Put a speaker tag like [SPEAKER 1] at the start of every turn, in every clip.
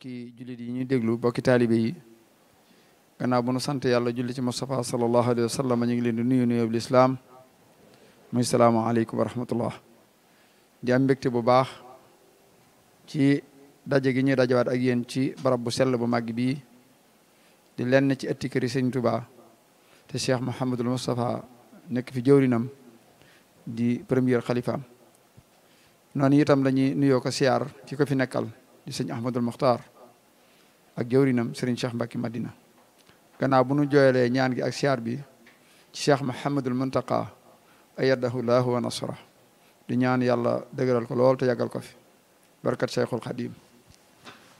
[SPEAKER 1] bokki jullit yi ñu déglu bokki taalibe yi bu nu sant yàlla julli ci Moustapha sallallahu alayhi wa sallam ñu ngi leen di nuyu nuyoob lislaam muy salaamaaleykum wa rahmatullah di am mbégte bu baax ci daje gi ñuy dajawaat ak yéen ci barab bu sell bu màgg bi di lenn ci ëtti këri Sëñ te Cheikh Mouhamadul Moustapha nekk fi jëwrinam di premier xalifaam noonu itam la ñuy ko siyaar ci ko fi nekkal di sëñ Ahmadul Muxtaar ak jawrinam Serigne Cheikh Mbacke Madina gannaaw bu nu jooyalee ñaan gi ak siyaar bi ci Cheikh Mouhamadul Muntaqa ayyadahu llahu wa nasra du ñaan yàlla dëgëral ko lool te yàggal ko fi barkat Cheikhul Khadim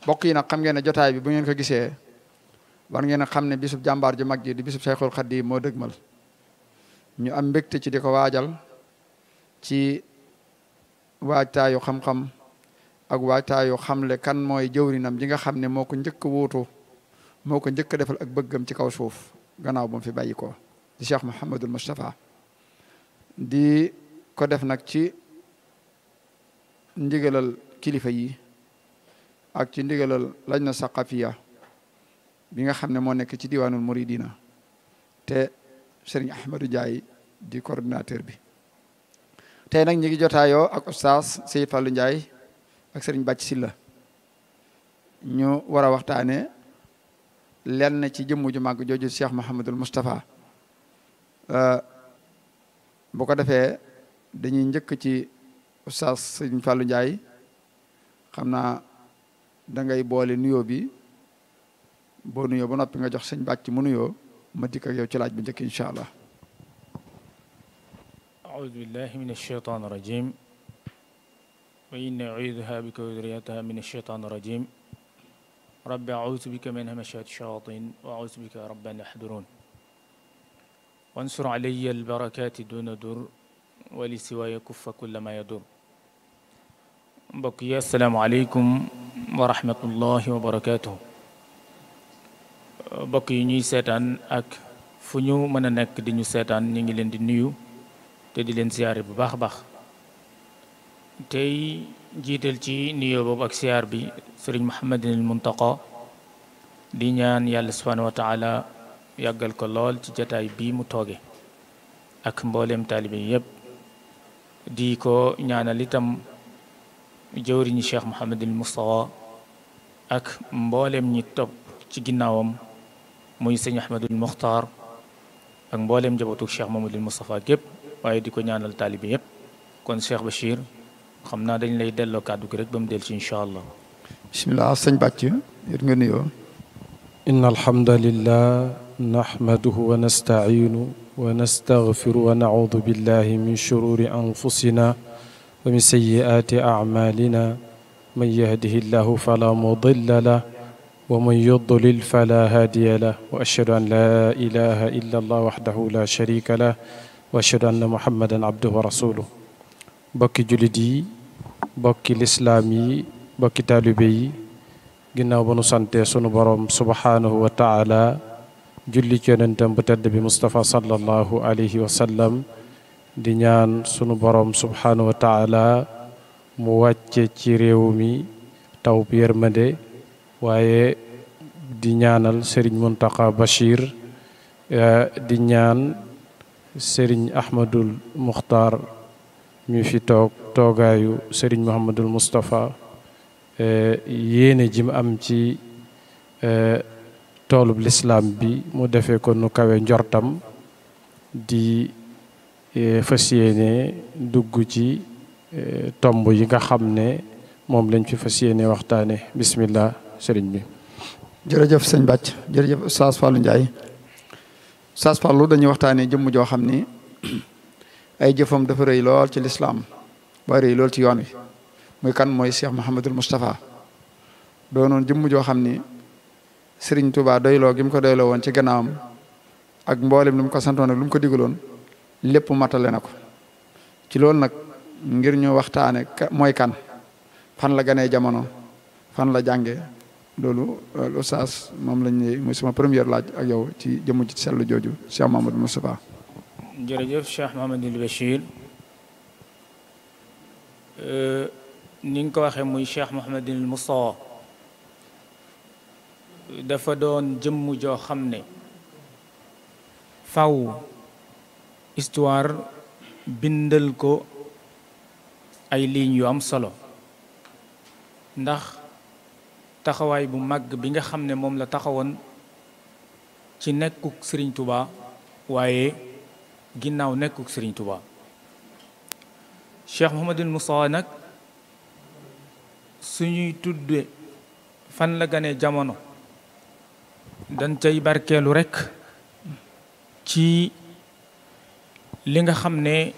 [SPEAKER 1] mbokk yi nag xam ngeen ne jotaay bi bu ngeen ko gisee war ngeen a xam ne bisub jàmbaar ju mag ji di bisub Cheikhul Khadim moo dëgmal ñu am mbégte ci di ko waajal ci waajtaayu xam-xam ak xam xamle kan mooy jëwrinam ji nga xam ne moo ko njëkk wuutu moo ko njëkk defal ak bëggam ci kaw suuf gannaaw boom mu fi bàyyi ko di Cheikh Mouhamadul Moustapha di ko def nag ci ndigalal kilifa yi ak ci ndigalal lajna saqafiya bi nga xam ne moo nekk ci diwaanul muridina te Serigne Ahmadou Ndiaye di coordinateur bi tey nag ñi ngi jotaayoo ak oustaz Seydi Fallou Ndiaye ak sëriñ Bàcc Silla ñu war a waxtaane lenn ci jëmm ju màgg jooju Cheikh Mouhamadul Moustapha euh, bu ko defee dañuy njëkk ci oustaz sëriñ fallu Ndiaye xam naa dangay boole nuyoo bi boo nuyoo ba noppi nga jox sëñ Bàcc mu nuyoo ma dikk ak yow ci laaj bu njëkk incha allah.
[SPEAKER 2] aoudu wa inni uiduha bika wa duriyataha min ashaytan irajim rabbi ausu bika min hamashati shayatin wa ausu bika rabbi an yahdurun wansur alayya albarakati duna dur wali siwaaya kuffa kulla ma yadur mbokk yi asalaamaaleykum wa rahmatullahi wa barakatuh mbokk yi ñuy seetaan ak fu ñu mën a nekk di ñu seetaan ñu ngi leen di nuyu te di leen ziyaare bu baax a baax tey jiital ci nuyoo boobu ak siyaar bi sëriñ Muhammadinil Muntaqa di ñaan yàlla subhaanahu wa taala yàggal ko lool ci jataay bii mu tooge ak mbooleem taalibe yépp di ko ñaanal itam jëwriñu cheikh Muhammadinil Mustafa ak mboolem ñi topp ci ginnaawam muy sëñ Ahmadul Muxtaar ak mbooleem njabootu cheikh Muhammadinil Mustafa gépp waaye di ko ñaanal taalibe yépp kon cheikh Bachir xam naa dañ lay delloo kàddu gi rek ba mu del si incha allah
[SPEAKER 1] bismillah sëñ bàcc yër nga nuyoo inna
[SPEAKER 3] alhamdulillah nahmaduhu wa nasta'iinu wa nastaghfiru wa na'uudu billahi min shururi anfusina wa min sayyi'aati a'maalina man yahdihillahu falaa mudilla lahu wa man yudlil falaa haadiya lahu wa ashhadu an laa ilaaha illa allah wahdahu laa shariika lahu wa ashhadu anna muhammadan abduhu wa rasuluhu bokki jullit yi bokki lislaam yi bokki taalibe yi ginnaaw ba nu sunu borom subhaanahu wa taala julli ci yonentam bu tedd bi Mustafa sallallahu alayhi wa di ñaan sunu boroom subhaanahu wa mu wàcce ci réew mi taw bi yërmande waaye di ñaanal sëriñ Muntaqa Bachir eh, di ñaan sëriñ Ahmadul Muxtaar ñu fi toog toogaayu Serigne Mouhamadul Moustapha e, yéene jim am ci e, toolub lislaam bi mu defee ko nu kawe njortam di e, fas dugg ci tomb yi nga xam ne
[SPEAKER 1] moom lañ fi fas yéene waxtaane bismillah Serigne bi. jërëjëf sëñ Bàcc jërëjëf Saas Fallou Ndiaye Saas Fallou dañuy waxtaanee jëmm joo xam ni. ay jëfam dafa rëy lool ci lislaam waaye rëy lool ci yoon wi muy kan mooy Cheikh Mouhamadul Moustapha doonoon jëmm joo xam ni Serigne Touba doyloo gi mu ko doyloo woon ci gannaawam ak mboolem lu ko santoon ak lu mu ko digaloon lépp matale na ko ci loolu nag ngir ñu waxtaane mooy kan fan la ganee jamono fan la jànge loolu Oustaz moom lañ ne muy suma première laaj ak yow ci jëmm ci sellu jooju Cheikh Mouhamadul Moustapha
[SPEAKER 2] jërëjëf Cheikh Mouhamadul Bachir euh, ni nga ko waxee muy Cheikh Mouhamadul Moustapha dafa doon jëmm joo xam ne faw histoire bindal ko ay ligne yu am solo ndax taxawaay bu mag bi nga xam ne moom la taxawoon ci nekkuk Sëriñ Tuubaa waaye ginnaaw nekkuk sëriñ Touba Cheikh Mouhamadul Moussa nag suñuy tudde fan la gane jamono dañ cay barkeelu rekk ci li nga xam ne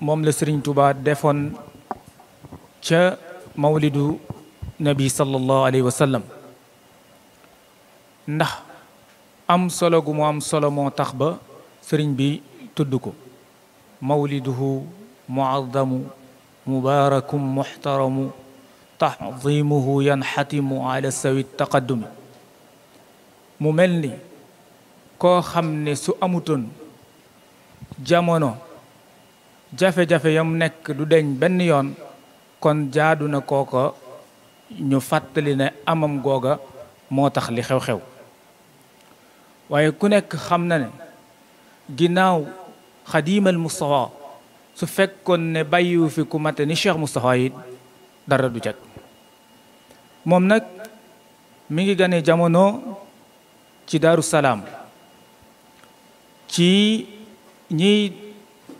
[SPEAKER 2] moom la sëriñ tubaa defoon ca mawlidu nabi sallallahu alayhi wa ndax am solo gu mu am solo moo tax ba sëriñ bi tudd ko mawliduhu muazzamu mubaarakum muxtaramu taxdimuhu yanxatimu ala sawi taqaddumi mu mel ni koo xam ne su amutoon jamono jafe-jafe yam nekk du deñ benn yoon kon jaadu na kooko ñu fàttali ne amam googa moo tax li xew-xew waaye ku nekk xam na ne ginnaaw xadiimal Moustapha su fekkoon ne bàyyiwu fi ku mate ni Cheikh Moustapha yi dara du jag moom nag mi ngi gane jamono ci Daaru Salaam ci ñiy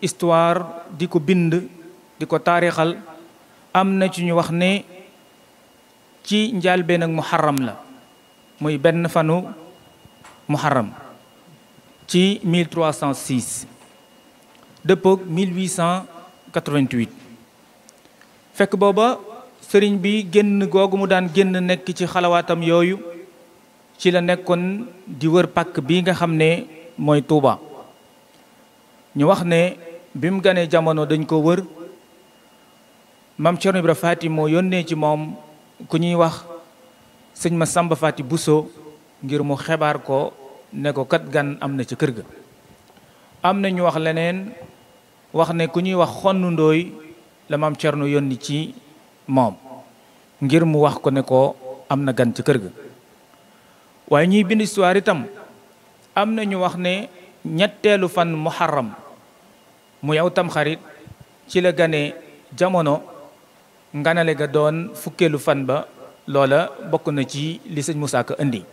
[SPEAKER 2] histoire di ko bind di ko taarixal am na ci ñu wax ne ci njaalbeen ak muharram la muy benn fanu muharram ci 1306 dëppoog 1888 fekk booba sëriñ bi génn googu mu daan génn nekk ci xalawaatam yooyu ci la nekkoon di wër pàkk bi nga xam ne mooy Touba ñu wax ne bim mu ganee jamono dañ ko wër maam Cerno Ibra Faati moo yónnee ci moom ku ñuy wax sëñ ma Samba Faati Buso ngir mu xebaar ko ne ko kat gan am na ci kër ga am na ñu wax leneen wax ne ku ñuy wax xonn ndooy la maam Cerno yónni ci moom ngir mu wax ko ne ko am na gan ci kër ga waaye ñuy bind histoire itam am na ñu wax ne ñetteelu fan muharram mu yow tam xarit ci la gane jamono nganale ga doon fukkeelu fan ba loola bokk na ci li sëñ Moussa Ka indi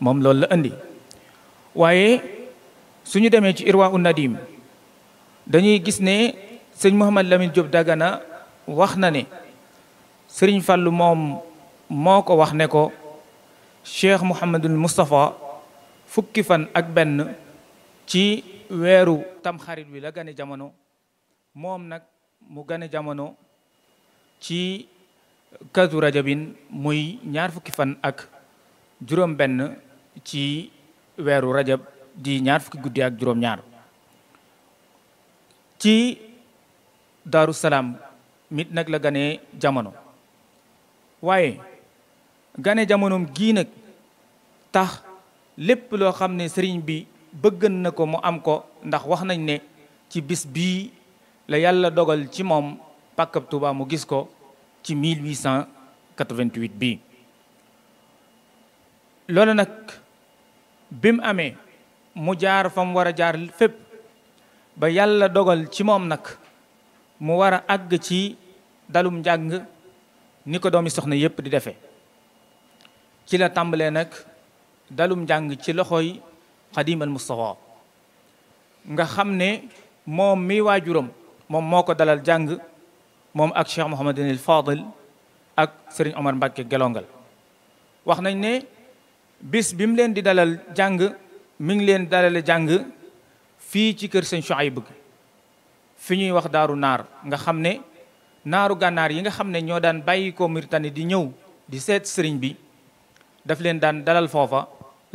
[SPEAKER 2] moom loolu la indi waaye suñu demee ci Irwa un dañuy gis ne sëñ Mouhamad Lamine Diop daggana wax na ne sëriñ Fallou moom moo ko wax ne ko Cheikh Mouhamadul Moustapha fukki fan ak benn ci weeru tamxarit wi la gane jamono moom nag mu gane jamono ci kazu rajabin muy ñaar fukki fan ak juróom benn ci weeru rajab di ñaar fukki guddi ak juróom ñaar ci Daaru Salaam mit nag la gane jamono waaye gane jamonoom gii nag tax lépp loo xam ne sëriñ bi bëggan na ko mu am ko ndax wax nañ ne ci bis bii la yàlla dogal ci moom pàkkab Tuuba mu gis ko ci 1888 bii loolu nag bi mu amee mu jaar fa mu war a jaar fépp ba yàlla dogal ci moom nag mu war a àgg ci dalum njàng ni ko doomi soxna yépp di defee ci la tàmbalee nag dalum njàng ci loxooy xadimal Mustafa nga xam ne moom mi waajuram moom moo ko dalal jàng moom ak Cheikh Mouhamadinil Fadil ak sëriñ Omar Mbacke gelongal wax nañ ne bis bi mu leen di dalal jàng mu ngi leen dalale jàng fii ci kër sëñ Chouaib bëgg fi ñuy wax daaru naar nga xam ne naaru gànnaar yi nga xam ne ñoo daan bàyyi ko Mauritanie di ñëw di seet sëriñ bi daf leen daan dalal foofa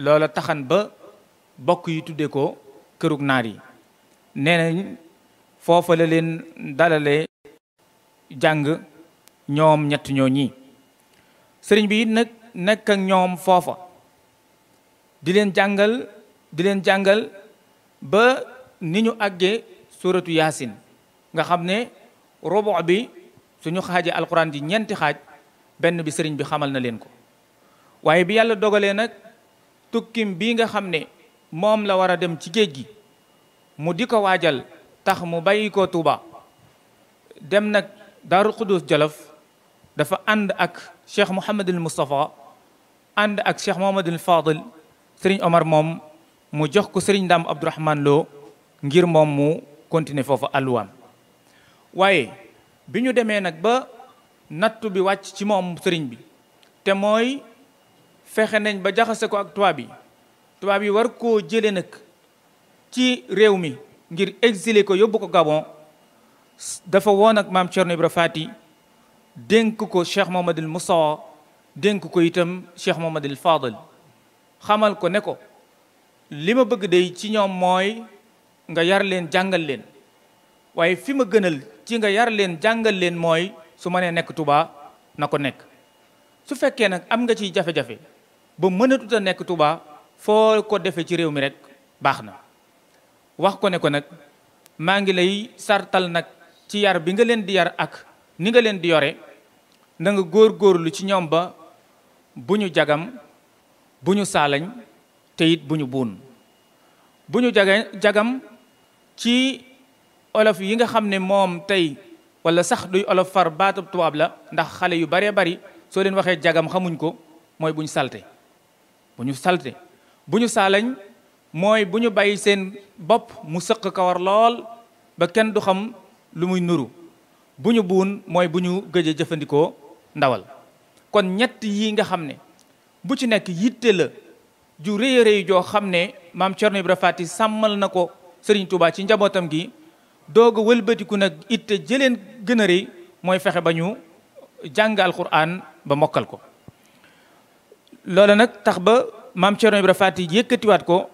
[SPEAKER 2] loola taxan ba bokk yi tuddee ko kërug naar yi nee nañ foofa la leen dalalee jàng ñoom ñett ñoo yi sëriñ bi nag nekk ak ñoom foofa di leen jàngal di leen jàngal ba ni ñu àggee suratu yaasin nga xam ne robo bi suñu xaajee alquran ji ñeenti xaaj benn bi sëriñ bi xamal na leen ko waaye bi yàlla dogalee nag tukkim bi nga xam ne moom la war a dem ci géej gi mu di ko waajal tax mu bàyyi ko Tuuba dem nag Daaru Xuddus Jolof dafa ànd ak Cheikh Mouhamadul Moustapha ànd ak Cheikh Mouhamadul Fadil sëriñ Omar moom mu jox ko sëriñ Ndaam Abdourahman Lo ngir moom mu continuer foofu alluwaam waaye bi ñu demee nag ba nattu bi wàcc ci moom sëriñ bi te mooy fexe nañ ba jaxase ko ak tuwaab yi tubaab yi war koo jële nag ci réew mi ngir exiler ko yóbbu ko Gabon dafa woon ak maam Thierno Ibra Fati dénk ko Cheikh Mamadou Moussa dénk ko itam Cheikh Mamadou Fadal xamal ko ne ko li ma bëgg day ci ñoom mooy nga yar leen jàngal leen waaye fi ma gënal ci nga yar leen jàngal leen mooy su ma nee nekk tubaa na ko nekk su fekkee nag am nga ciy jafe-jafe ba mënatut a nekk tubaa foo ko defee ci réew mi rek baax na wax ko ne ko nag maa ngi lay sartal nag ci yar bi nga leen di yar ak ni nga leen di yore nanga góor góorlu ci ñoom ba bu ñu jagam bu ñu saalañ te it bu ñu buun bu ñu jage jagam ci olof yi nga xam ne moom tey wala sax duy olof far baatub tubaab la ndax xale yu baree bari soo leen waxee jagam xamuñ ko mooy bu ñu salte bu ñu salte bu ñu saalañ mooy bu ñu bàyyi seen bopp mu sëq kawar lool ba kenn du xam lu muy nuru bu ñu buun mooy bu ñu gëj jëfandikoo ndawal kon ñett yi nga xam ne bu ci nekk yitte la ju rëy a joo xam ne maam Thierno Ibra Faty sàmmal na ko sëriñ Touba ci njabootam gi dooga wëlbatiku nag it jëleen gën a rëy mooy fexe ba ñu jàng alquran ba mokkal ko. loola nag tax ba maam Thierno Ibra Faty yëkkatiwaat ko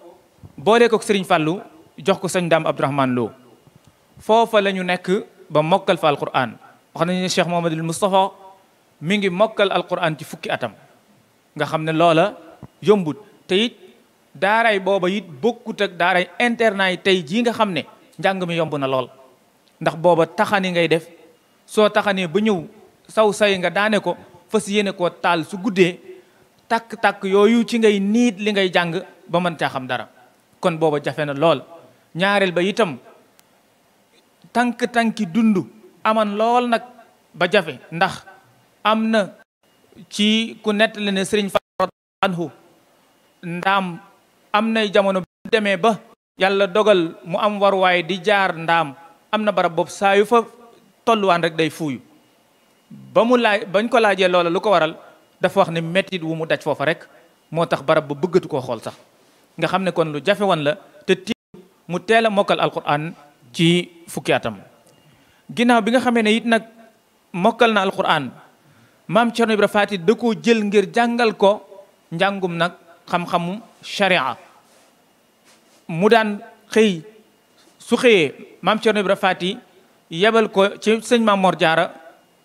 [SPEAKER 2] boole ko Serigne Fallou jox ko sëñ Dame Abdourahmane Lo foofa la ñu nekk ba mokkal fa alquran wax nañu ne Cheikh Mouhamadul Moustapha mu ngi mokkal alquran ci fukki atam nga xam ne loola yombut. te it daaray booba it bokkut ak daaray internat yi tey jii nga xam ne njàng mi yomb na lool ndax booba taxani ngay def soo taxanee ba ñëw saw say nga daane ko fas yéene koo taal su guddee takk-takk yooyu ci ngay niit li ngay jàng ba mën caa xam dara kon booba jafe na lool ñaareel ba itam tànk-tànki dund aman lool nag ba jafe ndax am na ci ku nettali ne sëriñ Fatou anhu ndaam am nay jamono bu demee ba yàlla dogal mu am waruwaay di jaar ndaam am na barab boobu saayu fa tolluwaan rek day fuuyu ba mu laaj bañ ko laajee loola lu ko waral dafa wax ne mettit wu mu daj foofa rek moo tax barab ba bëggatu koo xool sax nga xam ne kon lu jafe la te tiit mu teel a mokkal alquran ci fukki atam ginnaaw bi nga xamee ne it nag mokkal na alquran maam Cerno Ibra Faati da koo jël ngir jàngal ko njàngum nag xam-xamu sharia mu daan xëy su xëyee maam Cerno Ibra Faati yebal ko ci sëñ maam Mor Jaara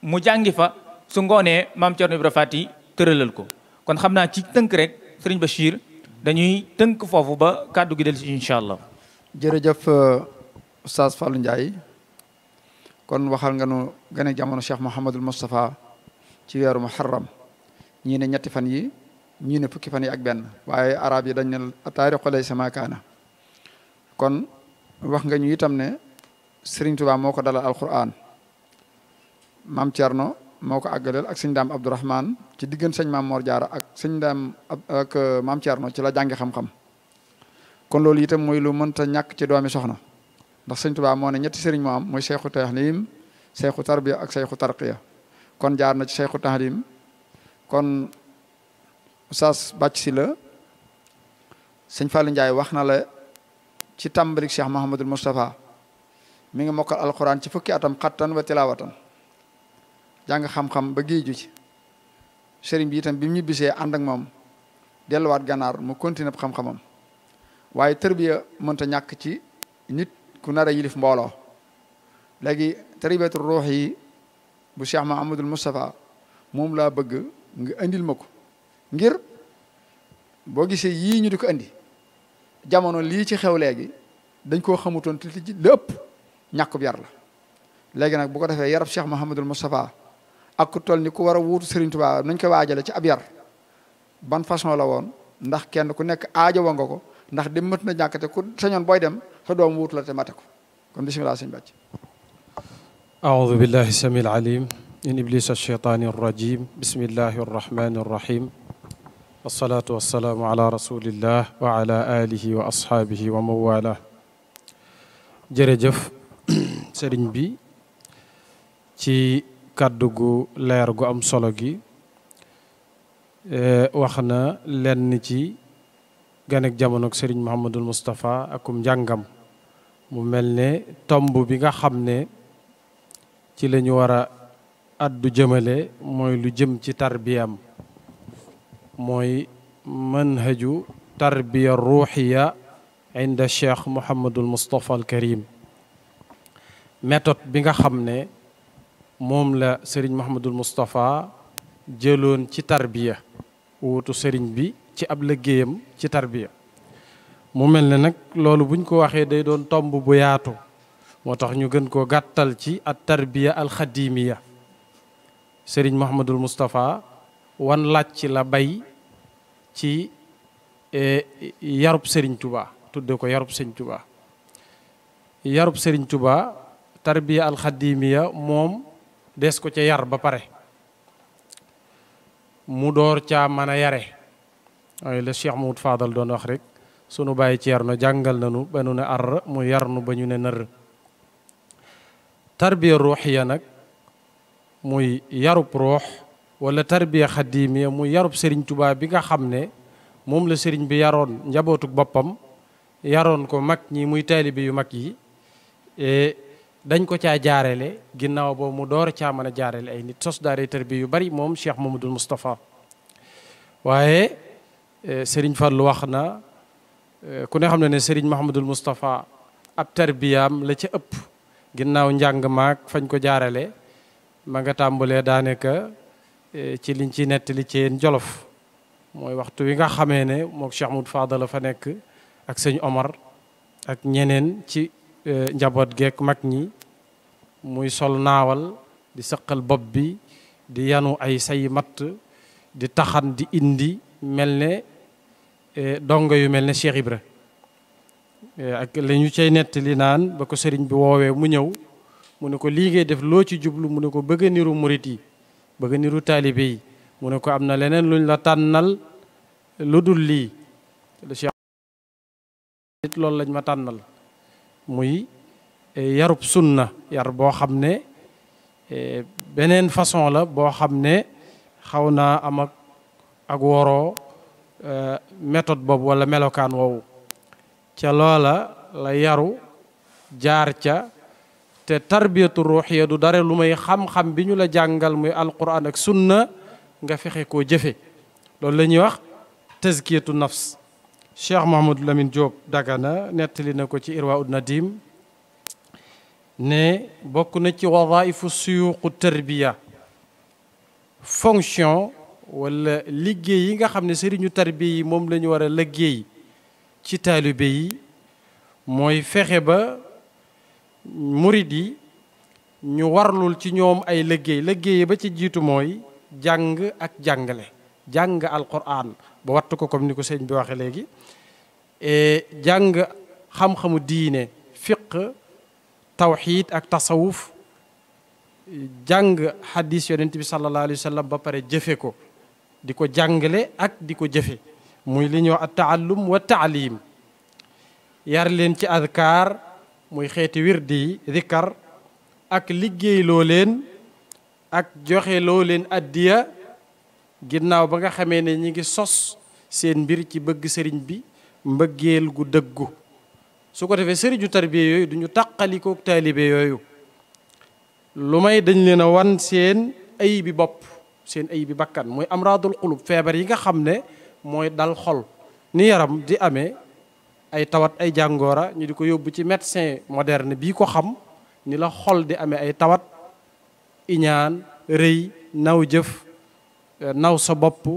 [SPEAKER 2] mu jàngi fa su ngoonee maam Cerno Ibra Faati tëralal ko kon xam naa ci tënk rek sëriñ Bachir dañuy tënk foofu ba kàddu gi del si allah
[SPEAKER 1] jërëjëf euh, Oustaz Fallou Ndiaye kon waxal nga nu gane jamono Cheikh Mouhamadul Moustapha ci weeru Muharram ñii ne ñetti fan yi ñii ne fukki fan yi ak benn waaye arab yi dañ ne taarixu laysa maa kaana kon wax nga ñu itam ne Sëriñ Tuubaa moo ko dalal alquran maam Thierno moo ko àggaleel ak sëñ daam Abdourahman ci diggan sëñ maam Mor Jaara ak sëñ daam ak euh, maam Thierno ci la jànge xam-xam kon loolu itam mooy lu mënta ñàkk ci doomi soxna ndax sëñ Tuubaa moo ne ñetti sëriñ moo am mooy seexu tahlim seexu tarbiya ak seexu tarqiya kon jaar na ci seexu tahlim kon Oustaz Bathie Sylla sëñ Fallou Ndiaye wax na la ci tàmbalik Cheikh Mahamadul Moustapha mu ngi mokkal alxuraan ci fukki atam xattan wa tilawatan jàng xam-xam ba géeju ci sëriñ bi itam bi mu ñu ànd ak moom delluwaat gànnaar mu continué xam-xamam waaye tërbiya mënta ñàkk ci nit ku nar a yilif mbooloo léegi tarbiyatu ruux yi bu Cheikh Mahamadul Moustapha moom laa bëgg nga indil ma ko ngir boo gisee yii ñu di ko indi jamono lii ci xew léegi dañ koo xamutoon te ci lépp ñàkkub yar la léegi nag bu ko defee yarab Cheikh Mouhamadul Moustapha ak ku tol ni ku war a wuutu Serigne Touba koy ko waajale ci ab yar ban façon la woon ndax kenn ku nekk aajo wa nga ko ndax dem mët na ñàkkate ku sañoon booy dem sa doom wuutu la te mate ko kon bisimilah sëñ bàcc
[SPEAKER 3] aoudu billahi samil alim min iblis alcheytani arrajim bismillahi arrahmani arrahim alsalaatu wassalaamu ala rasulillah wa ala alihi wa ashaabihi wa mawala jërëjëf sëriñ bi ci kàddu gu leer gu am solo gi e, wax na lenn ci ganek jamono ak sëriñ Mouhamadul mustafa akum njàngam mu mel ne tomb bi nga xam ne ci lañu ñu war a addu jëmale mooy lu jëm ci tarbiyam mooy manhaju tarbiya ruuxiya inda cheikh Mouhamadul Moustapha al Karim méthode bi nga xam ne moom la Serigne Mouhamadul Moustapha jëloon ci tarbiya wuutu Serigne bi ci ab liggéeyam ci tarbiya mu mel ne nag loolu buñ ko waxee day doon tomb bu yaatu moo tax ñu gën koo gàttal ci at tarbiya al xadimiya Serigne Mouhamadul Moustapha wan laaj ci la bay ci e, yarub Serigne Touba tudde ko yarub Serigne Touba yarub Serigne Touba tarbiya alxadimiya moom des ko ca yar ba pare mu door caa mën a yare waaye la Cheikh Mahmoud Fadal doon wax rek sunu bàyyi ci yar na jàngal nanu ba nu ne ar mu yar nu ba ñu ne nër tarbiya ruuxiya nag muy yarub ruux wala tarbiya xaddiimiya mu yarub sëriñ tubaab bi nga xam ne moom la sëriñ bi yaroon njabootuk boppam yaroon ko mag ñii muy taalibe yu mag yi e dañ ko caa jaarale ginnaaw boobu mu door caa mën a jaarele ay nit sos daare tarbiya yu bari moom Cheikh Mamadou Moustapha waaye e sëriñ Fallu wax na e ku ne xam ne ne sëriñ Mahamadul Moustapha ab tarbiyaam la ca ëpp ginnaaw njàng maag fañ ko jaarale ma nga tàmbalee daanaka ci liñ ci nettali ci yéen jolof mooy waxtu wi nga xamee ne mook Cheikh Moud Fadal la fa nekk ak sëñ Omar ak ñeneen ci e, njaboot geek mag ñi muy sol naawal di sëqal bopp bi di yanu ay say matt di taxan di indi mel ne e, dongo yu mel ne Cheikh Ibra e, ak la cay nettali naan ba ko sëriñ bi woowee mu ñëw mu ne ko lii ngay def loo ci jublu mu ne ko bëgg niru murit yi bëgg niru taalibe yi mu ne ko am na leneen luñ la tànnal lu dul lii lu Cheikh nit loolu lañ ma tànnal muy e, yarub sunna yar boo xam ne e, beneen façon la boo xam ne xaw naa am ak ak woroo e, méthode boobu walla melokaan woowu ca loola la yaru jaar ca te tarbiyatu ruuxiya du dara lu may xam-xam bi ñu la jàngal muy alquran ak sunna nga fexe ko jëfe loolu la ñuy wax tazkiyatu nafs cheikh Mouhamadou Lamine Diop Dagana nettali na ko ci irwa ud nadim ne bokk na ci wadaifu suyuqu tarbiya fonction wala liggéey yi nga xam ne sëriñu tarbiya yi moom lañu ñu war a liggéey ci taalibe yi mooy fexe ba murid yi ñu warlul ci ñoom ay liggéey liggéey ba ci jiitu mooy jàng ak jàngale jàng alquran ba wattu ko comme ni ko sëñ bi waxe léegi e, jàng xam-xamu diine fiq tawxiit ak tasawuf jàng xadis yonent bi sallallahu alayhi ba pare jëfe ko di ko jàngale ak di ko jëfe muy li ñuy wax at taallum wa taalim yar leen ci adkaar muy xeeti wirdi yi zikkar ak liggéey loo leen ak joxe loo leen addiya ginnaaw ba nga xamee ne ñi ngi sos seen mbir ci bëgg sëriñ bi mbëggeel gu dëggu su ko defee sëriñu tarbiya yooyu duñu tàqalikook taalibe yooyu lu may dañ leen a wan seen ay bi bopp seen ay bi bakkan mooy amraadul xulub feebar yi nga xam ne mooy dal xol ni yaram di amee ay tawat ay jàngoora ñu di ko yóbbu ci médecin moderne bii ko xam ni la xol di amee ay tawat iñaan rëy naw jëf euh, naw sa bopp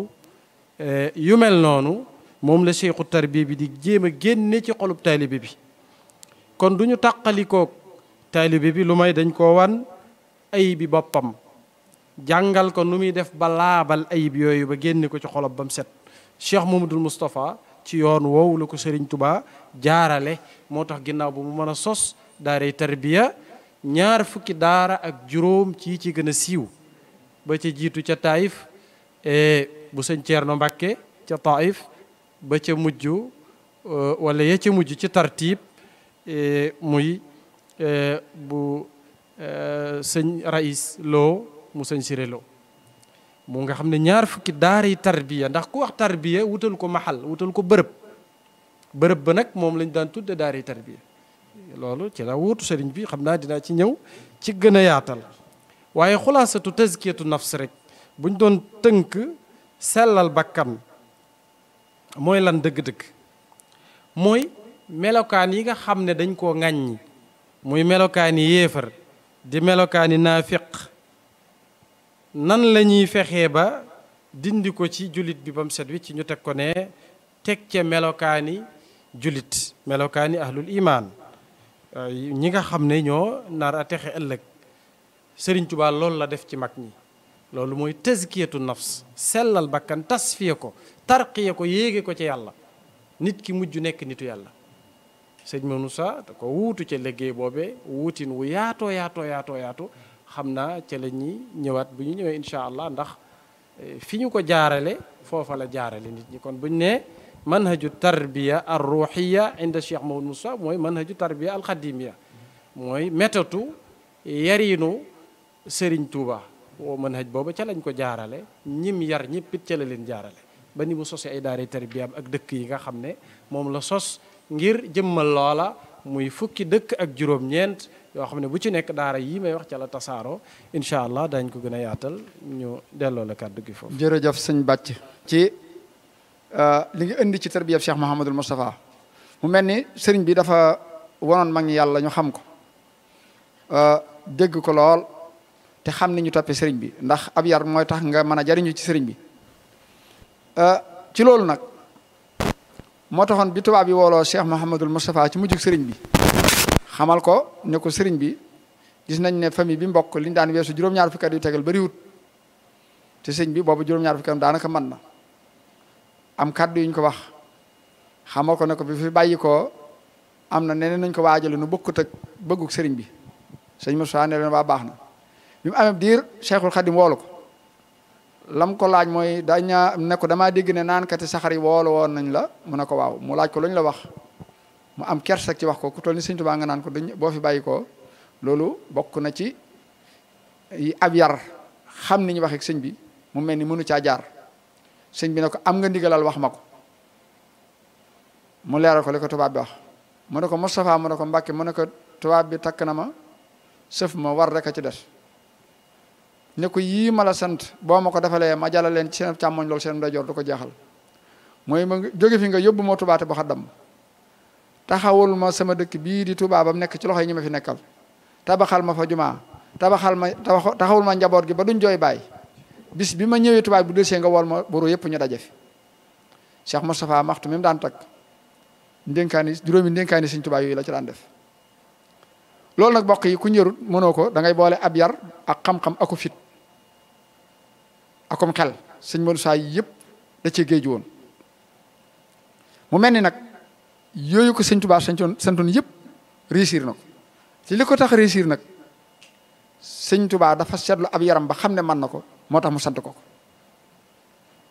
[SPEAKER 3] euh, yu mel noonu moom la cheikhu tarbiya bi di jéem a génne ci xolub taalibe bi kon du ñu tàqalikoo taalibe bi lu may dañ koo wan ayib bi boppam jàngal ko nu muy def ba laabal ayib yooyu ba génne ko ci xolob bam set cheikh mamadul moustapha ci yoon woowu la ko sëriñ Touba jaarale moo tax ginnaaw bi mu mën a sos daaray tarbiya ñaar fukki daara ak juróom ci ci gën a siiw ba ca jiitu ca Taïf e bu sëñ Thierno Mbakke ca Taïf ba ca mujj e, wala ya ca mujj ci tartiib e, muy bu sëñ Raïs loo mu sëñ Siré Lo mu nga xam ne ñaar fukki daara yi tarbiya ndax ku wax tarbiya wutal ko maxal wutal ko bërëb bërëb ba nag moom lañ daan tudde daari yi tarbiya loolu ci la wuutu sëriñ bi xam naa dinaa ci ñëw ci gën a yaatal waaye xulaasatu tazkiyatu nafs rek buñ doon tënk sellal bakkan mooy lan dëgg-dëgg mooy melokaan yi nga xam ne dañ koo ŋàññi muy melokaani yéefar di melokaani naafiq nan la ñuy fexee ba dindi ko ci jullit bi ba mu set wi ci ñu teg ko ne teg ca melokaani jullit melokaani ahlul imaan ñi nga xam ne ñoo nar a texe ëllëg Sëriñ Tuubaa loolu la def ci mag ñi loolu mooy tazkiyatu nafs sellal bakkan tasfiya ko tarqiya ko yéege ko ci yàlla nit ki mujj nekk nitu yàlla sëñ Moussa da ko wuutu ca liggéey boobe wuutin wu yaatoo yaatoo yaatoo yaatoo xam naa ca la ñuy ñëwaat bu ñu ñëwee incha allah ndax eh, fi ñu ko jaarale foofa la jaarale nit ñi kon bu ñu nee manhaju tarbiya ar ruhiya inda cheikh mahmoud moussa mooy manhaju tarbiya al xadimiya mooy métatu yariinu sëriñ tuuba woo manhaj booba ca lañ ko jaarale ñim yar ñëppit ca la leen jaarale ba ni mu sose ay daare tarbiyaam ak dëkk yi nga xam ne moom la sos ngir jëmmal loola muy fukki dëkk ak juróom-ñeent yoo xam ne bu ci nekk daara yi may wax ca la tasaaroo incha allah dañ ko gën a yaatal ñu delloo la kàddu gi foofu.
[SPEAKER 1] jërëjëf sëñ Bàcc ci euh, li nga indi ci tarbiyab Cheikh Mouhamadul Moustapha mu mel ni sëriñ bi dafa wanoon mag ñi yàlla ñu xam ko euh, dégg ko lool te xam ni ñu toppee sëriñ bi ndax ab yar mooy tax nga mën a jariñu ci sëriñ bi euh, ci loolu nag moo taxoon bi tubaab yi wooloo Cheikh Mouhamadul Moustapha ci mujjug sëriñ bi. xamal ko ne sëriñ bi gis nañ ne fami bi mbokk liñ daan weesu juróom-ñaar fukki at yu tegal bariwut te sëriñ bi boobu juróom-ñaar fukki at daanaka man na am kàddu yuñ ko wax xamal ko ne ko bi fi bàyyi ko am na neneen nañ ko waajale nu bokkut ak bëgguk sëriñ bi sëñ Moussa ne leen waa baax na bi mu amee diir Cheikhul Khadim woolu ko lam ko laaj mooy dañaa ne ko damaa dégg ne naan kati saxar yi woolu woon nañ la mu ne ko waaw mu laaj ko luñ la wax mu am kersak ci wax ko ku toll ni sëñ Tuubaa nga naan ko duñ boo fi bàyyi ko loolu bokk na ci ab yar xam ni ñu waxee sëñ bi mu mel ni mënu caa jaar sëñ bi ne ko am nga ndigalal wax ma ko mu leeral ko li ko tubaab bi wax mu ne ko Moustapha mu ne ko Mbàkke mu ne ko tubaab bi takk na ma sëf ma war rek a ci des ne ko yii ma la sant boo ma ko defalee ma jàllale leen ci seen càmmoñ loolu seen ndajoor du ko jeexal mooy ma jóge fi nga yóbbu moo tubaate ba xaddam taxawul ma sama dëkk bii di Touba ba mu nekk ci loxo yi ñu ma fi nekkal tabaxal ma fa jumaa tabaxal ma taxawul ma njaboot gi ba duñ jooy baay bis bi ma ñëwee tubaay bu dësee nga wol ma buru yëpp ñu daje fi Cheikh Moustapha Maxtu mi mu daan takk ndénkaani juróomi ndénkaani Sëñ Touba yooyu la ci daan def loolu nag bokk yi ku njërut mënoo ko da ngay boole ab yar ak xam-xam aku fit akum xel sëñ Modou Sa yëpp da cee géej woon mu mel ni nag yooyu ko sëñ Tuubaa santoon santoon yëpp réussir na ko ci li ko nag sëñ Tuubaa dafa seetlu ab yaram ba xam ne man na ko moo tax mu sant ko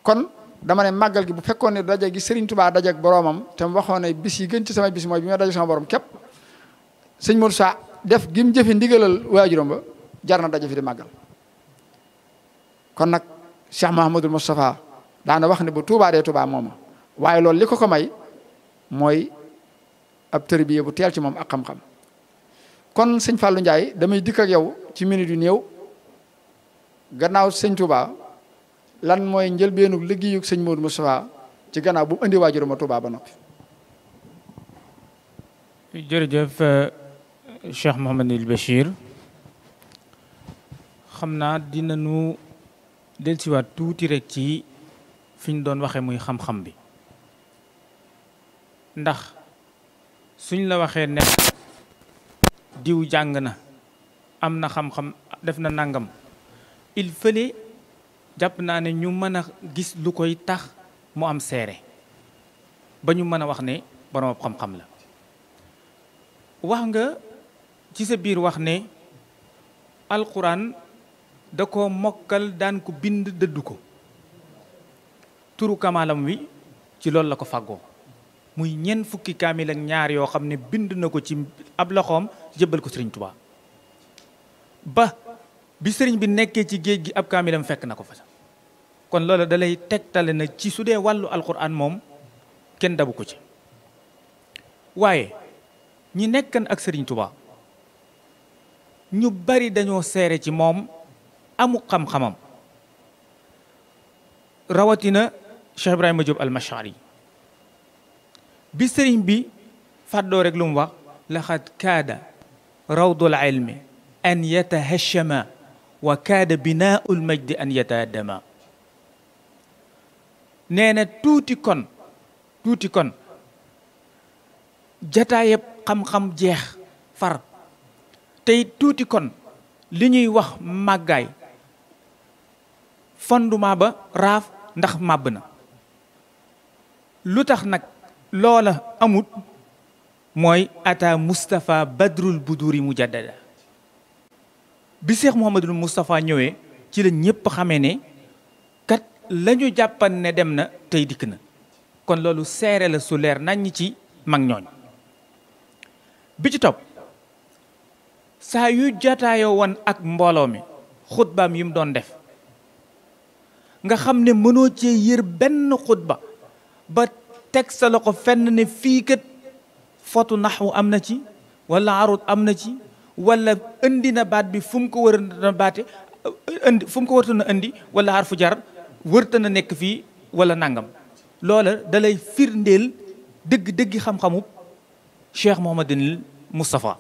[SPEAKER 1] kon dama ne màggal gi bu fekkoon ne daje gi sëriñ Tuubaa daje ak boroomam te mu waxoon ne bis yi gën ci samay bis mooy bi ma daje sama borom képp sëñ Modou Sa def gi mu jëfe ndigalal waajuram ba jar na daje fi di màggal kon nag Cheikh Mahamadul Moustapha daana wax ne bu Tuubaa dee Tuubaa mooma waaye loolu li ko ko may mooy ab tërbiya bu teel ci moom ak xam-xam kon sëñ Fallou Ndiaye damay dikk ak yow ci minute yu néew gannaaw sëñ Touba lan mooy njëlbeenu liggéeyu sëñ Modou Moustapha ci gannaaw bu mu indi waajuruma Touba ba noppi.
[SPEAKER 2] jërëjëf euh, Cheikh Mouhamadul Bachir xam naa dinañu dellusiwaat tuuti rek ci fi doon waxee muy xam-xam bi. ndax suñ la waxee ne diw jàng na am na xam-xam def na nangam il fallait jàpp naa ne ñu mën a gis lu koy tax mu am seere ba ñu mën a wax ne borom xam-xam la wax nga ci sa biir wax ne alxuraan da ko mokkal daan ko bind dëdd ko turu kamalam wi ci loolu la ko fagoo muy ñenn fukki kaamil ñaar yoo xam ne bind na ko ci ab loxoom jëbbal ko sëriñ Tuubaa ba bi sëriñ bi nekkee ci géej gi ab kaamilam fekk na ko fa kon loolu da tegtale na ci su dee wàllu alquran moom kenn dabu ko ci waaye ñi nekkan ak sëriñ Tuubaa ñu bari dañoo seere ci moom amu xam-xamam rawatina Cheikh Ibrahima Diop al-Mashari bi sëriñ bi fàddoo rek lu mu wax laxad kaada rawdul ilmi an yatahashama wa kaada binaaul majdi an yatahaddama nee tuuti kon tuuti kon jataayeb xam-xam jeex far tey tuuti kon li ñuy wax màggaay fondement ba raaf ndax màbb na lu tax nag loola amut mooy ata Moustapha badrul buduri mujaddada bi Cheikh Mouhamadul Moustapha ñëwee ci la ñëpp xamee ne kat lañu jàppal ne dem na tey dikk na kon loolu seere la su leer naññ ci mag ñooñ bi ci topp saa yu jataayoo woon ak mbooloo mi xutbaam yi mu doon def nga xam ne mënoo ci yër benn xutba ba teg sa loxo fenn ne fii kat fotu naxwu am na ci wala arut am na ci wala indi na baat bi fu ko wër na baate indi fu mu ko wërta na indi wala xarfu jar wërta na nekk fii walla nangam loola dalay firndeel dëgg dëggi xam-xamub Cheikh Mouhamadinil Moustapha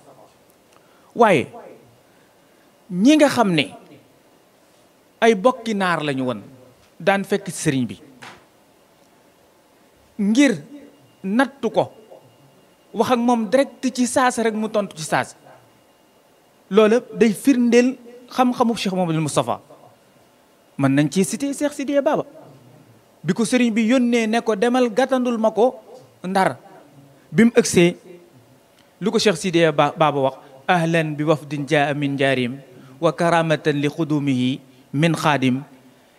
[SPEAKER 2] waaye ñi nga xam ne ay bokki naar lañu woon daan fekk sëriñ bi ngir nattu ko wax ak moom direct ci saasa rek mu tontu ci saasa loola day firndeel xam-xamu Cheikh Mouhamadul Moustapha mën nañ ci cité Cheikh Sidiya Baba bi ko sëriñ bi yónnee ne ko demal gàttandul ma ko ndar bi mu ëgsee lu ko Cheikh Sidiya Baba wax ahlan bi wafdin jaa min wa karamatan li xudumihi min xaadim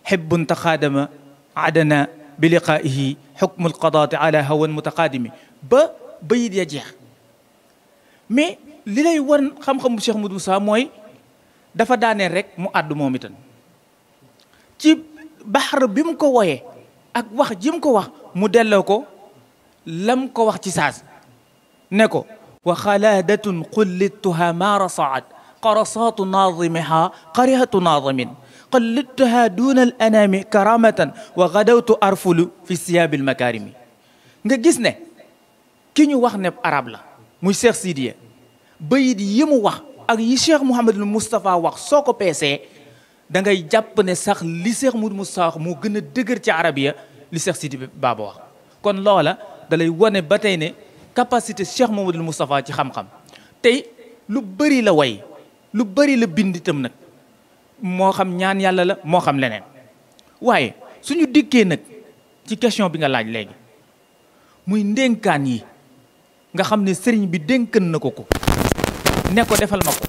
[SPEAKER 2] xibbun taxaadama adana bi liqaa'ihi xukmu alqadaati ala hawan mutaqaadimi ba bayit ya jeex mais li lay wan xam-xamu Cheikh Modou Moussa mooy dafa daaneel rek mu àddu moom itam ci baxar bi mu ko woyee ak wax ji mu ko wax mu delloo ko lam ko wax ci saas ne ko wa xalaadatun qullittuha maara saat qarasaatu naadimiha qarihatu naadimin qallidtuha duna al anami karamatan wa gadawtu arfulu fi siyaabil makarimi nga gis ne ki ñu wax ne arab la muy Cheikh ba bayit yi mu wax ak yi Cheikh Mouhamadul Moustapha wax soo ko peesee da ngay jàpp ne sax li Cheikh Mouhamadul Moustapha wax moo gën a dëgër ci arabiya li Cheikh Sidiya Baba wax kon loola dalay wane ba tey ne capacité Cheikh Mouhamadul Moustapha ci xam-xam tey lu bëri la way lu bëri la bind itam nag moo xam ñaan yàlla la moo xam leneen waaye suñu dikkee nag ci question bi nga laaj léegi muy ndénkaan yi nga xam ne sëriñ bi dénkan na ko ko ne ko defal ma ko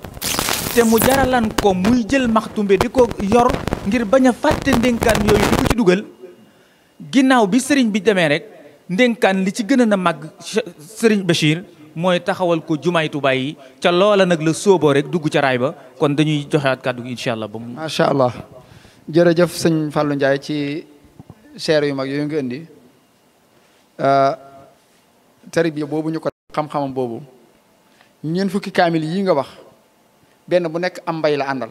[SPEAKER 2] te mu jaralan ko muy jël maxtumbe di ko yor ngir bañ a fàtte ndénkaan yooyu di ko ci dugal ginnaaw bi sëriñ bi demee rek ndénkaan li ci gën a màgg sëriñ Bachir mooy taxawal ko jumaay Tuubaa yi ca loola nag la sóoboo rek dugg ca raay ba kon dañuy joxewaat kàddu gi incha allah ba mu. allah
[SPEAKER 1] jërëjëf sëñ Fallou Ndiaye ci seer yu mag yooyu nga indi ah, tarbiya boobu ñu ko xam boobu ñeent fukki kaamil yi nga wax benn bu nekk am mbay la àndal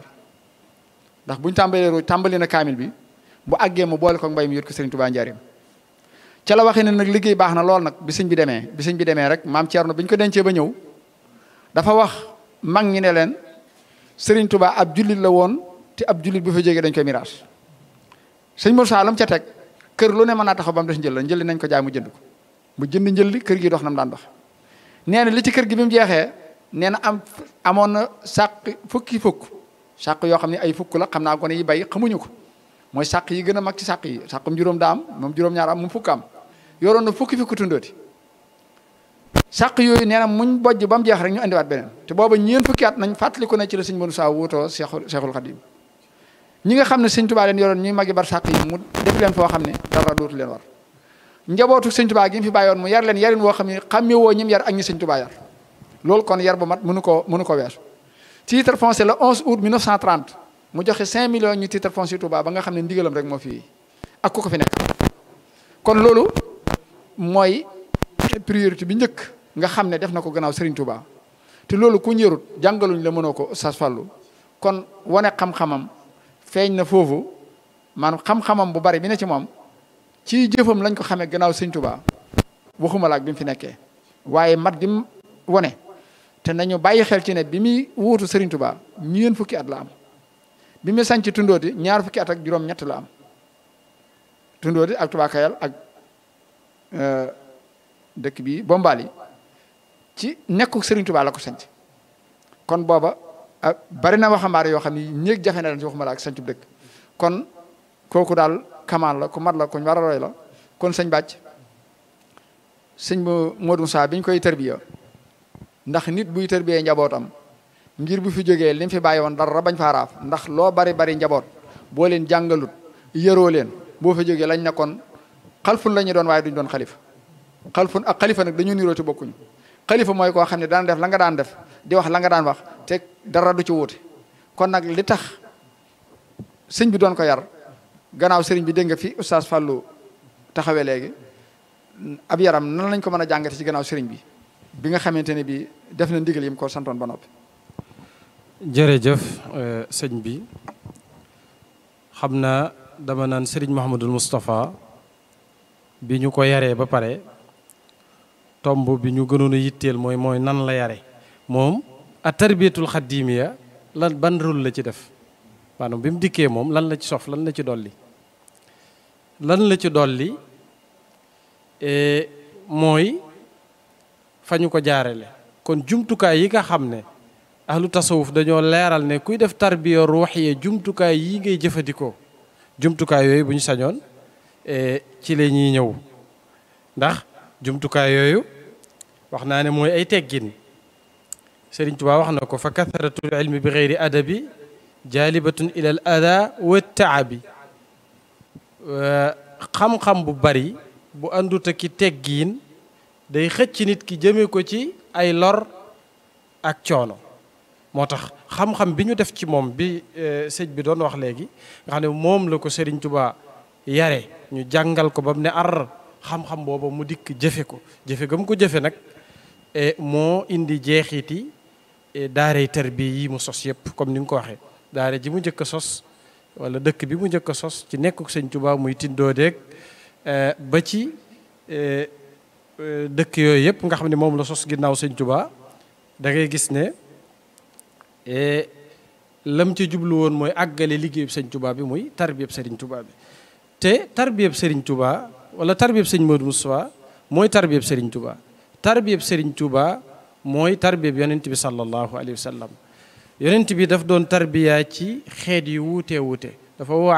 [SPEAKER 1] ndax buñ tàmbalee tàmbali na kaamil bi bu àggee mu boole ko mbay mi yot ko Serigne Touba Njaareem ca la waxee ne nag liggéey baax na lool nag bi sëñ bi demee bi sëñ bi demee rek maam na bi ñu ko dencee ba ñëw dafa wax mag ñi ne leen Serigne Touba ab jullit la woon te ab jullit bu fa jógee dañ koy miraas sëñ Mor Saalum ca teg kër lu ne mën naa taxaw ba mu des njël la njëli nañ ko jaay mu jënd ko mu jënd njël li kër gi dox na mu daan dox nee na li ci kër gi bi mu jeexee nee na am amoon na sàq fukki fukk sàq yoo xam ne ay fukk la xam naa gone yi bay xamuñu ko mooy sàq yi gën a mag ci sàq yi sàqum juróom daa moom juróom-ñaar am am yoroon na fukki fi ku tundooti sàq yooyu nee na muñ bojj ba mu jeex rek ñu andiwaat beneen te booba ñeen fukki at nañ fàttaliku ne ci la sëñ Monu Saa wuutoo Seexul Seexul ñi nga xam ne sëñ Tubaa leen yoroon ñuy magi bar sàq yi mu def leen foo xam ne dara dootu leen war njabootu sëñ Tubaa gi mu fi bàyyoon mu yar leen yarin woo xam ne xàmme woo ñim yar ak ñi sëñ Tubaa yar loolu kon yar bu mat mënu ko mënu ko weesu titre foncier le 11 août 1930 mu joxe 5 millions ñu titre foncier Touba ba nga xam ne ndigalam rek moo fi ak ku ko fi mooy priorité bi njëkk nga xam ne def na ko gannaaw Serigne Touba te loolu ku ñërut jàngaluñ la mënoo ko sas Fallou kon wane xam-xamam feeñ na foofu maanaam xam-xamam bu bari bi ne ci moom ci jëfam lañ ko xamee gannaaw Serigne Touba waxuma la fi nekkee waaye mat di mu wane te nañu bàyyi xel ci ne bi muy wuutu Serigne Touba ñeen fukki at la am bi muy sanc tundooti ñaar fukki at ak juróom-ñett la am tundooti ak Touba Euh, dëkk bi Bombali ci nekku Serigne Touba la ko sanc kon booba bari na waxambaar yoo xam ni néeg jafe na leen ci waxuma la ak sancub dëkk kon kooku daal kamaan la ku mat la kuñ war a la kon sëñ bàcc sëñ Modou Moussa biñ koy tërbiya ndax nit buy tërbiyee njabootam ngir bu fi jógee li mu fi bàyyi woon dara bañ faa raaf ndax loo bari bari njaboot boo leen jàngalut yëroo leen boo fi jógee lañ nekkoon xalfun la ñu doon waaye duñ doon xalifa xalfun ak xalifa nag dañu nirooti bokkuñu xalifa mooy koo xam ne daan def la nga daan def di wax la nga daan wax te dara du ci wuute kon nag li tax sëñ bi doon ko yar gannaaw sëriñ bi dégg nga fi oustaz Fallou taxawee léegi ab yaram nan lañ ko mën a jàngate ci gannaaw sëriñ bi bi nga xamante ne bi def na ndigal yim ko santoon ba noppi
[SPEAKER 3] jëf euh, sëñ bi xam naa dama naan sëriñ Mouhamadul Moustapha bi ñu ko yaree ba pare tomb bi ñu gënoon yitteel mooy mooy nan la yare moom a tarbiyatul xaddiimiya lan ban rôle la ci def maanaam bi mu dikkee moom lan la ci sof lan la ci dolli lan la ci dolli e, mooy fa ñu ko jaarale kon jumtukaay yi nga xam ne ahlu tasawuf dañoo leeral ne kuy def tarbiya ruuxiya jumtukaay yi ngay jëfandikoo jumtukaay yooyu bu ñu sañoon Eh, ci la ñuy ñëw ndax jumtukaay yooyu wax naa ne mooy ay teggin Sëriñ Tuubaa wax na ko fa kathratul ilmi bi geyri adabi jaalibatun ila al ada wa taabi eh, xam-xam bu bari bu ànduta ki teggiin day xëcc nit ki jëme ko ci ay lor ak coono moo tax xam-xam bi ñu def ci moom bi eh, sëñ bi doon wax léegi nga xam ne moom la ko Sëriñ Tuubaa yare ñu jàngal ko ba mu ne ar xam-xam booba mu dikk jëfe ko jëfe gam ko jëfe nag eh, moo indi jeexiti eh, daaray tarbiya yi mu sos yëpp comme ni nga ko waxee daare ji mu njëkk a sos wala dëkk bi mu njëkk a sos ci nekkuk sëñ Tuubaa muy tindoo deeg eh, ba ci dëkk yooyu yëpp nga xam ne moom la sos ginnaaw sëñ Tuubaa da ngay gis ne lam ci jublu woon mooy àggale liggéeyub sëñ Tuubaa bi muy tarbiyab sëriñ Tuubaa bi te tarbiyab Serigne Touba wala tarbiyab Serigne Modou Moustapha mooy tarbiyab Serigne Touba tarbiyab Serigne Touba mooy tarbiyab yonent bi sallallahu alayhi wa sallam yonent bi dafa doon tarbiyaa ci xeet yi wuute wuute dafa woo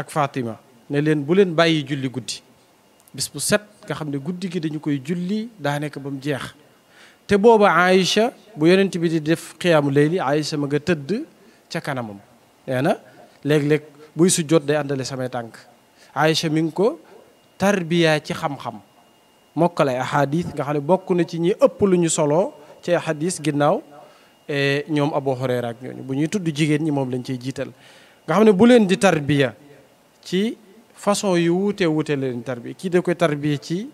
[SPEAKER 3] ak faatima ne leen bu leen bàyyi julli guddi bis bu set nga xam ne guddi gi dañu koy julli daa nekk ba mu jeex te booba Aïcha bu yonent bi di def xiyaamu leyli Aïcha ma nga tëdd ca kanamam nee na léeg-léeg buy su jot day àndale samay tànk Aïcha mi ngi ko tarbiya ci xam-xam mokkalay ahadis nga xam ne bokk na ci ñi ëpp lu ñu soloo ci ahadis ginnaaw e ñoom Abu Hurayra ak ñooñu bu ñuy tudd jigéen ñi moom lañ ciy jiital nga xam ne bu leen di tarbiya ci façon yu wuute wuute leen tarbiya kii da koy tarbiya ci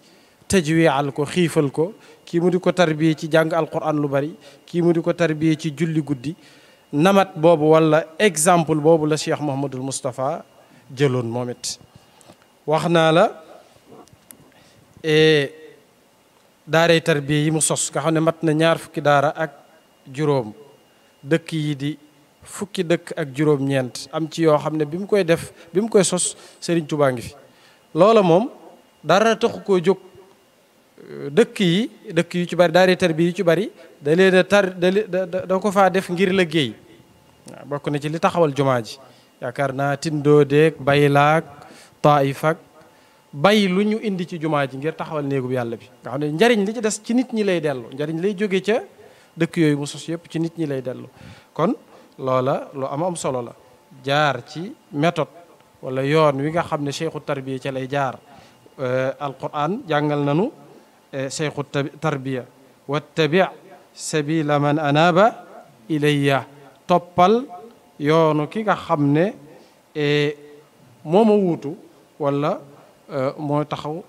[SPEAKER 3] tajwial ko xiifal ko kii mu di ko tarbiya ci jàng alquran lu bari kii mu di ko tarbiya ci julli guddi namat boobu wala exemple boobu la Cheikh Mouhamadul Moustapha jëloon moom it wax naa la e, daaray tarbiya yi mu sos nga xam ne mat na ñaar fukki daara ak juróom dëkk yi di fukki dëkk ak juróom-ñeent am ci yoo xam ne bi mu koy def bi mu koy sos Serigne Touba ngi fi loola moom dara taxu koo jóg dëkk yi dëkk yu ci bari daara tarbiya yu ci bari da leen tar da da ko faa def ngir liggéey bokk na ci li taxawal jumaa ji yaakaar naa tindoodeeg baylaak taayifak bay lu ñu indi ci jumaa ji ngir taxawal néegub yàlla bi nga xam ne njariñ li ci des ci nit ñi lay dellu njariñ lay jóge ca dëkk yooyu mu sos yëpp ci nit ñi lay dellu kon loola lu am am solo la jaar ci méthode wala yoon wi nga xam ne cheikhu tarbiya ca lay jaar alquran jàngal nanu cheikhu eh, tarbiya wattabi sabila man anaba ilayya toppal yoonu ki nga xam ne eh, moo ma wuutu wala eh, moo taxaw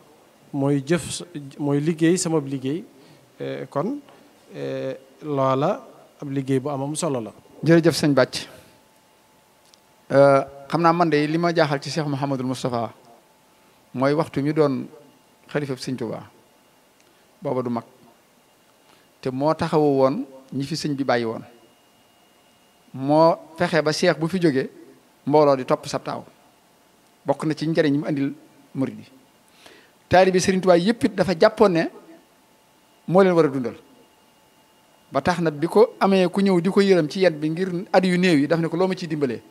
[SPEAKER 3] mooy jëf mooy liggéey sama liggéey
[SPEAKER 1] kon loola ab liggéey bu amam solo la. jërëjëf sëñ Bàcc xam naa man de li ma jaaxal ci Cheikh Mouhamadul Moustapha mooy waxtu mi doon xalifab sëñ Tuubaa booba du mag te moo taxawu woon ñi fi sëñ bi bàyyi woon moo fexe ba seex bu fi jógee mbooloo di topp sabtaaw bokk na ci njëriñ mu andil murid yi taalibi Sëriñ Tuubaa yëpp it dafa jàppoon ne moo leen war a dundal ba tax na bi ko amee ku ñëw di ko yërëm ci yet bi ngir at yu néew yi daf ne ko loo ma ciy dimbalee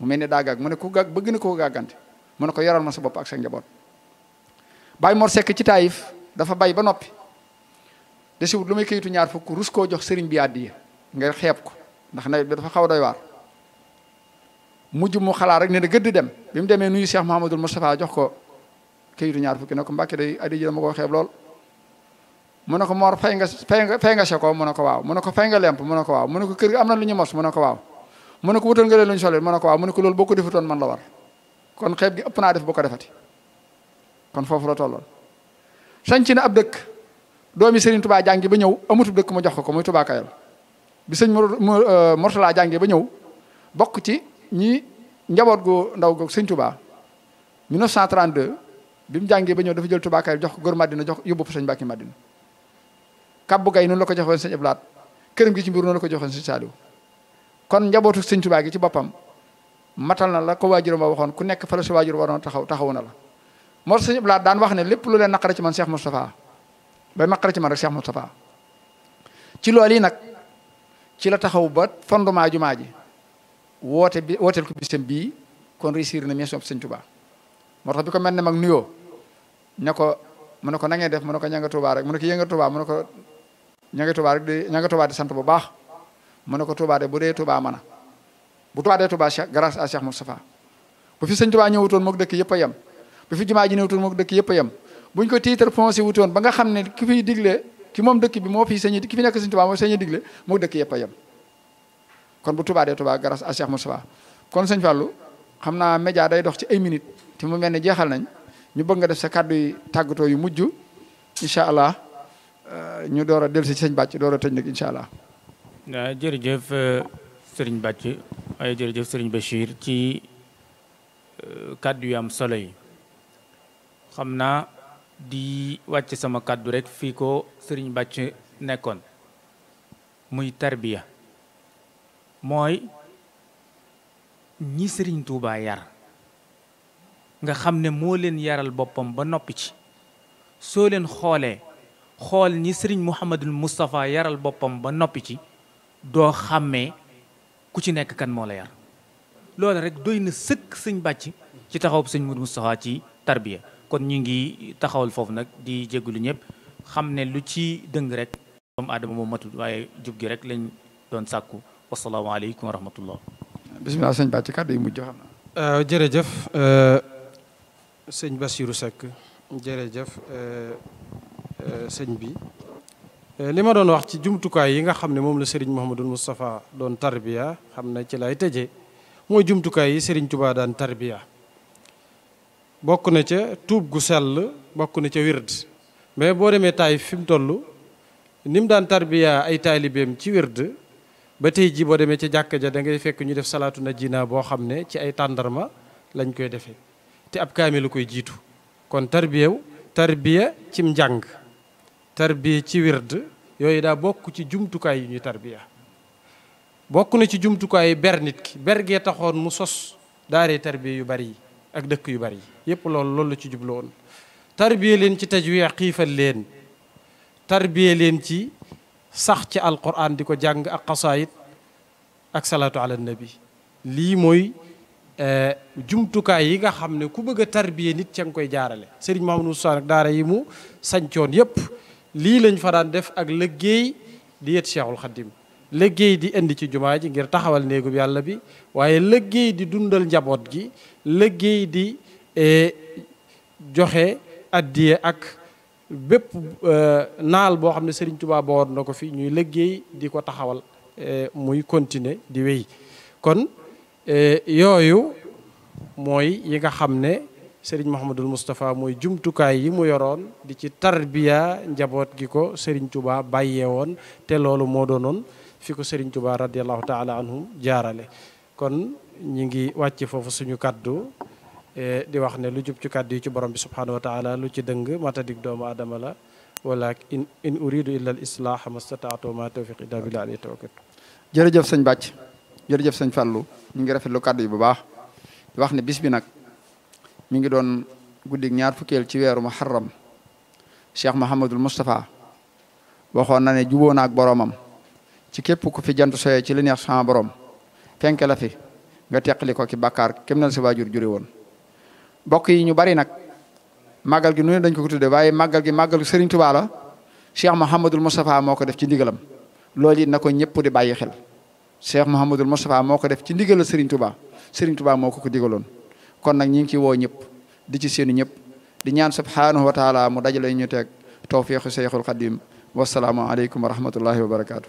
[SPEAKER 1] mu mel ne daa gàgg mu ne ku gàgg bëgg na koo gàggante mu ne ko yoral ma sa bopp ak sa njaboot Baay Mor Seck ci Taayif dafa bay ba noppi de desiwut lu may kayitu ñaar fukk rus koo jox sëriñ bi àddiya nga xeeb ko ndax nawet bi dafa xaw a doy waar mujj mu xalaat rek ne na gëdd dem bi mu demee nuyu Cheikh Mouhamadul Moustapha jox ko kayitu ñaar fukki ne ko Mbàkke day àddiya ji dama koo xeeb lool mu ne ko Mor fay nga fay nga seko mu ne ko waaw mu ne ko fay nga lemp mu ne ko waaw mu ne ko kër gi am na lu ñu mos mu ne ko waaw mu ne ko wutal nga leen lu ñu solee mu ne ko waaw mu man la war kon xeeb gi ëpp naa def boo ko defati kon foofu la tolloon sanc na ab dëkk doomi Serigne tubaa jàngi ba ñëw amutub dëkk mu jox ko ko muy Touba Kayal bi sëñ laa jàngi ba ñëw bokk ci ñi njaboot gu ndaw googu sëñ Touba 1932 bi mu jàngee ba ñëw dafa jël Touba Kayal jox ko góor Madina jox yóbbu fa sëñ Mbàkke Madina kàbbu gay noonu la ko joxoon sëñ Ablaat këram gi ci mbiru noonu la ko joxoon sëñ Saaliw kon njabootu sëñ Touba gi ci boppam matal na la ko waajuram ba waxoon ku nekk fa la sa waajur taxaw taxaw na moo suñu blaat daan wax ne lépp lu leen naqare ci man Cheikh Moustapha ba naqare ci man rek Cheikh Moustapha ci loolu yi nag ci la taxaw ba fondement jumaa ji woote bi wooteel ko bisam bii kon réussir na mission bi sëñ Touba tax bi ko mel ne mag nuyoo ne ko mu ne ko na ngeen def mu ne ko ña nga Touba rek mu ne ko yënga Touba mu ne ko ña nga Touba rek di ña nga Touba sant bu baax mu ne ko Touba de bu dee Touba mën a bu Touba dee Touba grâce à Cheikh Moustapha bu fi sëñ Touba ñëwutoon moog dëkk yëpp a yem bi fi jumaa ji newtul moom dëkk yëpp a yem buñ ko titre foncier wutoon ba nga xam ne ki fiy digle ki moom dëkk bi moo fi sañi ki fi nekk Sëñ Tuubaa moo sañi digle moo dëkk yëpp a yem kon bu tubaa dee Tuubaa a à Cheikh Moustapha kon Sëñ Fallou xam naa média day dox ci ay minutes te mu mel ne jeexal nañ ñu bëgg nga def sa kàddu yi tàggatoo yu mujj incha allah euh, ñu door a dellusi ci sëñ Bàcc door a tëj nag incha allah.
[SPEAKER 2] waaw jërëjëf euh, sëriñ Bàcc waaye jërëjëf sëriñ Bachir ci euh, kàddu yu am solo xam naa di wàcc sama kàddu rekk fii ko sëriñ bàcc nekkoon muy tarbiya mooy ñi sëriñ Tuubaa yar nga xam ne moo leen yaral boppam ba noppi ci soo leen xoolee xool ñi sëriñ Muhammadul Moustapha yaral boppam ba noppi ci doo xàmmee ku ci nekk kan moo la yar loolu rek doy na sëkk sëñ bàcc ci taxaw sëñ Muhammadul ci tarbiya kon ñu ngi taxawal foofu nag di jégalu ñëpp xam ne lu ci dëng rek doomu aadama moom matul waaye jub gi rek lañ doon sàkku wasalaamaaleykum
[SPEAKER 1] wa rahmatullah bisimilah sëñ Ba ci kàddu yi mujj xam naa
[SPEAKER 3] euh, jërëjëf euh, sëñ Bassirou Seck jërëjëf euh, sëñ bi li ma doon wax ci jumtukaay yi nga xam ne moom la Serigne Mouhamadul Moustapha doon tarbiya xam na ci lay tëjee mooy jumtukaay yi sëriñ tubaa daan tarbiya bokk na ca tuub gu sell bokk na ca wird mais boo demee Taayif fi mu toll ni mu daan tarbiya ay taalibeem ci wird ba tey jii boo demee ca jàkka ja da ngay fekk ñu def salaatu na jiinaa boo xam ne ci ay tàndarma lañ koy defee te ab kaamilu koy jiitu kon tarbiyew tarbiya cim njàng tarbiya ci wird yooyu daa bokk ci jumtukaay yu ñuy tarbiya bokk na ci jumtukaay ber nit ki ber gee taxoon mu sos daaree tarbiya yu bari yi ak dëkk yu bari yépp loolu loolu la ci jublu woon tarbiye leen ci tajwiya xiifal leen tarbiye leen ci sax ci alquran di ko jàng ak xasaayit ak salaatu ala nabi lii mooy eh, jumtukaay yi nga xam ne ku bëgg a tarbiye nit ca nga koy jaarale sëriñ Mamadou Moussa nag daara yi mu sancoon yépp lii lañ fa daan def ak liggéey di yet Cheikhul Khadim liggéey di indi ci jumaa ji ngir taxawal néegub yàlla bi waaye liggéey di dundal njaboot gi liggéey di eh, joxe addiye ak bépp eh, naal boo xam ne Serigne Touba boor na ko fi ñuy liggéey di ko taxawal eh, muy continuer di wéy kon yooyu mooy yi nga xam ne Serigne Mouhamadul Moustapha muy jumtukaay yi mu yoroon di ci tarbiya njaboot gi ko sëriñ Touba bàyyee woon te loolu moo doonoon fi ko Serigne Touba radiallahu taala anhum jaarale ñi ngi wàcc foofu suñu kàddu e, di wax ne lu jub ci kàddu yi ci borom bi subhanahu wa lu ci dëng matadik doomu aadama la wala in in uridu illa al islah mastataatu ma tawfiq illa billah alayhi tawakkal
[SPEAKER 1] jërëjëf sëñ Bàcc jërëjëf sëñ Fàllu ñu ngi rafetlu kàddu yi bu baax di wax ne bis bi nag mi ngi doon guddig ñaar fukkeel ci weeru muharram cheikh mahamadul moustapha waxoon na ne juboo naak boromam ci képp ku fi jant soyee ci li neex sama borom fenk fi nga teqali ko ki bàkkaar kem na sa waajur jure woon bokk yi ñu bari nag màggal gi nu dañ ko ko tuddee waaye màggal gi màggal gi Sëriñ Tuubaa la Cheikh Mouhamadul moo ko def ci ndigalam loolu yi na ko ñëpp di bàyyi xel Cheikh Mouhamadul Moustapha moo ko def ci ndigal la Sëriñ Tuubaa Sëriñ moo ko ko digaloon kon nag ñi ngi ci woo ñëpp di ci seenu ñëpp di ñaan subhaanahu wa taala mu dajale ñu teeg tawfiixu Seyxul Xadim wasalaamu aleykum wa rahmatullahi wa barakaatu.